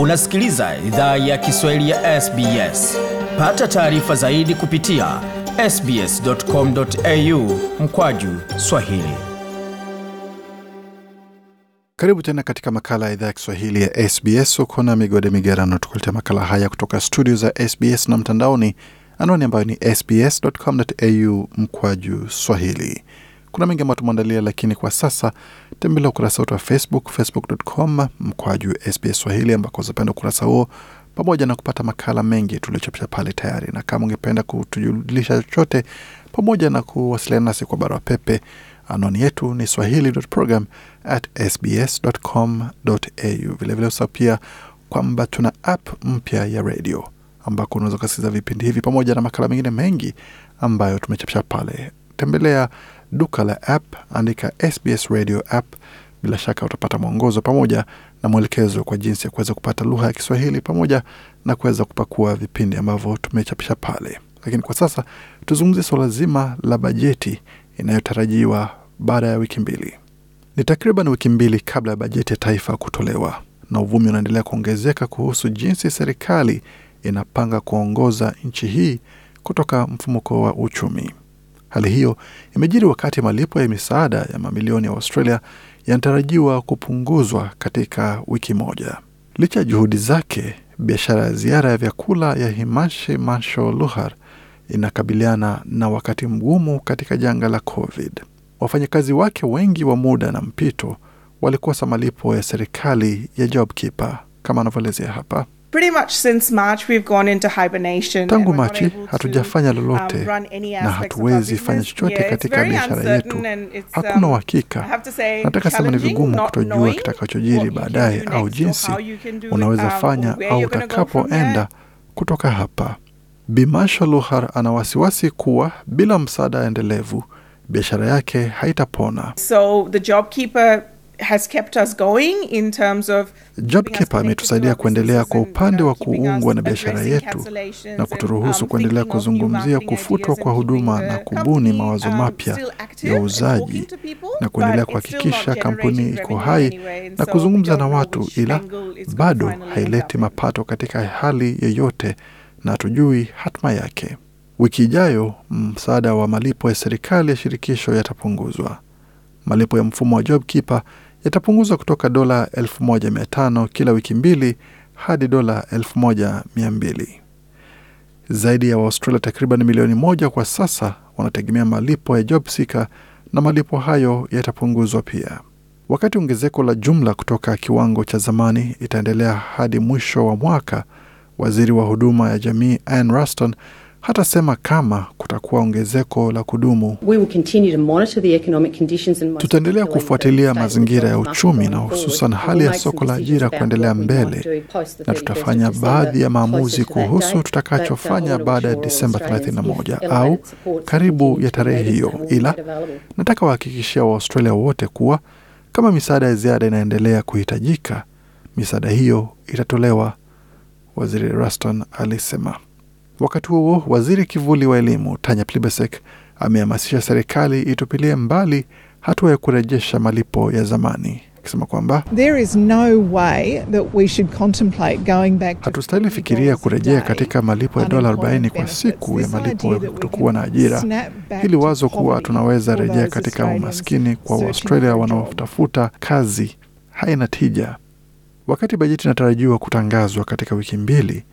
Unasikiliza idhaa ya Kiswahili ya SBS. Pata taarifa zaidi kupitia sbs.com.au mkwaju swahili. Karibu tena katika makala ya idhaa ya Kiswahili ya SBS. Ukona migode migerano, tukuletea makala haya kutoka studio za SBS na mtandaoni, anwani ambayo ni sbs.com.au mkwaju swahili. Kuna mengi ambayo tumeandalia, lakini kwa sasa tembelea ukurasa wetu wa Facebook, facebook.com mkwaju SBS Swahili, ambako zapenda ukurasa huo pamoja na kupata makala mengi tuliochapisha pale tayari. Na kama ungependa kutujulisha chochote pamoja na kuwasiliana nasi kwa barua pepe, anwani yetu ni swahili.program@sbs.com.au. Vilevile usahau pia kwamba tuna app mpya ya redio ambako unaweza ukasikiza vipindi hivi pamoja na makala mengine mengi ambayo tumechapisha pale tembelea duka la app, andika SBS Radio app. Bila shaka utapata mwongozo pamoja na mwelekezo kwa jinsi ya kuweza kupata lugha ya Kiswahili pamoja na kuweza kupakua vipindi ambavyo tumechapisha pale. Lakini kwa sasa tuzungumzie swala zima la bajeti inayotarajiwa baada ya wiki mbili. Ni takriban wiki mbili kabla ya bajeti ya taifa kutolewa, na uvumi unaendelea kuongezeka kuhusu jinsi serikali inapanga kuongoza nchi hii kutoka mfumuko wa uchumi. Hali hiyo imejiri wakati malipo ya misaada ya mamilioni ya Australia yanatarajiwa kupunguzwa katika wiki moja. Licha ya juhudi zake, biashara ya ziara ya vyakula ya Himashi Masho Luhar inakabiliana na wakati mgumu katika janga la COVID. Wafanyakazi wake wengi wa muda na mpito walikosa malipo ya serikali ya JobKeeper kama anavyoelezea hapa. Tangu Machi hatujafanya um, lolote na hatuwezi fanya chochote katika biashara yetu. Hakuna um, uhakika. Nataka sema, ni vigumu kutojua kitakachojiri baadaye au jinsi unaweza um, fanya au utakapoenda kutoka hapa. Bimasha Luhar ana wasiwasi kuwa bila msaada endelevu biashara yake haitapona. So, the JobKeeper ametusaidia kuendelea kwa upande wa kuungwa na biashara yetu na kuturuhusu um, kuendelea kuzungumzia kufutwa kwa huduma na kubuni mawazo um, mapya ya uuzaji na kuendelea kuhakikisha kampuni iko hai na kuzungumza na watu, ila bado haileti mapato katika hali yoyote na hatujui hatima yake. Wiki ijayo msaada wa malipo ya serikali ya shirikisho yatapunguzwa. Malipo ya mfumo wa JobKeeper yatapunguzwa kutoka dola 1500 kila wiki mbili hadi dola 1200. Zaidi ya Waaustralia takriban milioni moja kwa sasa wanategemea malipo ya job seeker na malipo hayo yatapunguzwa pia. Wakati ongezeko la jumla kutoka kiwango cha zamani itaendelea hadi mwisho wa mwaka, waziri wa huduma ya jamii Ann Ruston hatasema kama kutakuwa ongezeko la kudumu. Tutaendelea kufuatilia mazingira ya uchumi na hususan hali ya soko la ajira kuendelea mbele, na tutafanya baadhi ya maamuzi kuhusu tutakachofanya baada ya Disemba 31 au karibu ya tarehe hiyo, ila nataka wahakikishia Waaustralia wote kuwa kama misaada ya ziada inaendelea kuhitajika, misaada hiyo itatolewa, Waziri Ruston alisema. Wakati huo waziri kivuli wa elimu Tanya Plibersek amehamasisha serikali itupilie mbali hatua ya kurejesha malipo ya zamani akisema kwamba no hatustahili fikiria kurejea katika malipo ya dola 40 kwa siku ya malipo ya kutokuwa na ajira. Hili wazo kuwa tunaweza rejea katika umaskini kwa Waustralia wanaotafuta kazi haina tija. Wakati bajeti inatarajiwa kutangazwa katika wiki mbili,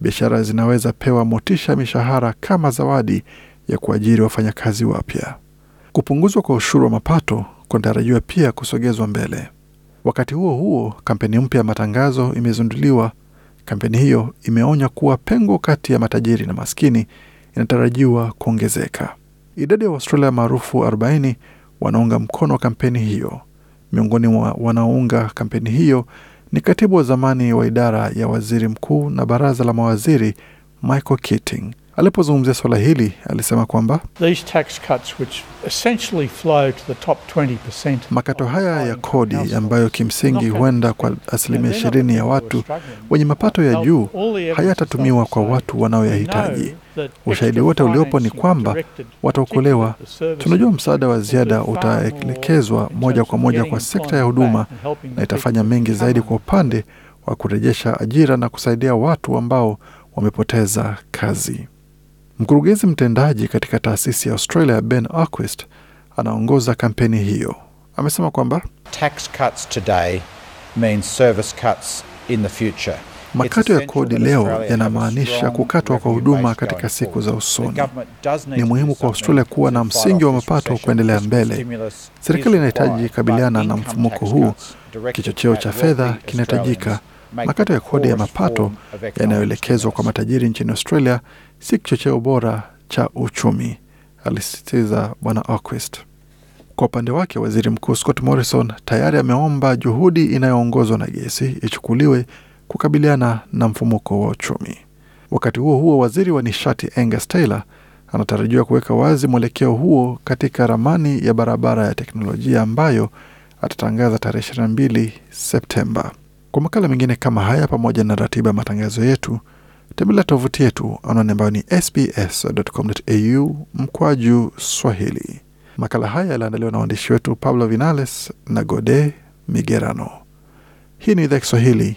biashara zinaweza pewa motisha mishahara kama zawadi ya kuajiri wafanyakazi wapya. Kupunguzwa kwa ushuru wa mapato kunatarajiwa pia kusogezwa mbele. Wakati huo huo, kampeni mpya ya matangazo imezinduliwa. Kampeni hiyo imeonya kuwa pengo kati ya matajiri na maskini inatarajiwa kuongezeka. Idadi ya Waustralia maarufu 40 wanaunga mkono kampeni hiyo. Miongoni mwa wanaounga kampeni hiyo ni katibu wa zamani wa idara ya waziri mkuu na baraza la mawaziri Michael Keating. Alipozungumzia suala hili alisema kwamba makato haya ya kodi ambayo kimsingi huenda kwa asilimia ishirini ya watu wenye mapato ya juu hayatatumiwa kwa watu wanaoyahitaji. Ushahidi wote uliopo ni kwamba wataokolewa. Tunajua msaada wa ziada utaelekezwa moja kwa moja kwa sekta ya huduma na itafanya mengi zaidi kwa upande wa kurejesha ajira na kusaidia watu ambao wamepoteza kazi. Mkurugenzi mtendaji katika taasisi ya Australia Ben Aquist anaongoza kampeni hiyo. Amesema kwamba tax cuts today mean service cuts in the future. Makato ya kodi leo yanamaanisha kukatwa kwa huduma katika siku za usoni. Ni muhimu kwa Australia kuwa na msingi wa mapato kuendelea mbele. Serikali inahitaji kabiliana na mfumuko huu. Kichocheo cha fedha kinahitajika. Makato ya kodi ya mapato yanayoelekezwa kwa matajiri nchini Australia si kichocheo bora cha uchumi, alisisitiza Bwana Oquist. Kwa upande wake, waziri mkuu Scott Morrison tayari ameomba juhudi inayoongozwa na gesi ichukuliwe kukabiliana na mfumuko wa uchumi. Wakati huo huo, waziri wa nishati Angus Taylor anatarajiwa kuweka wazi mwelekeo huo katika ramani ya barabara ya teknolojia ambayo atatangaza tarehe 22 Septemba. Kwa makala mengine kama haya, pamoja na ratiba ya matangazo yetu, tembelea tovuti yetu anwani ambayo ni sbs.com.au mkwaju Swahili. Makala haya yaliandaliwa na waandishi wetu Pablo Vinales na Gode Migerano. Hii ni idhaa Kiswahili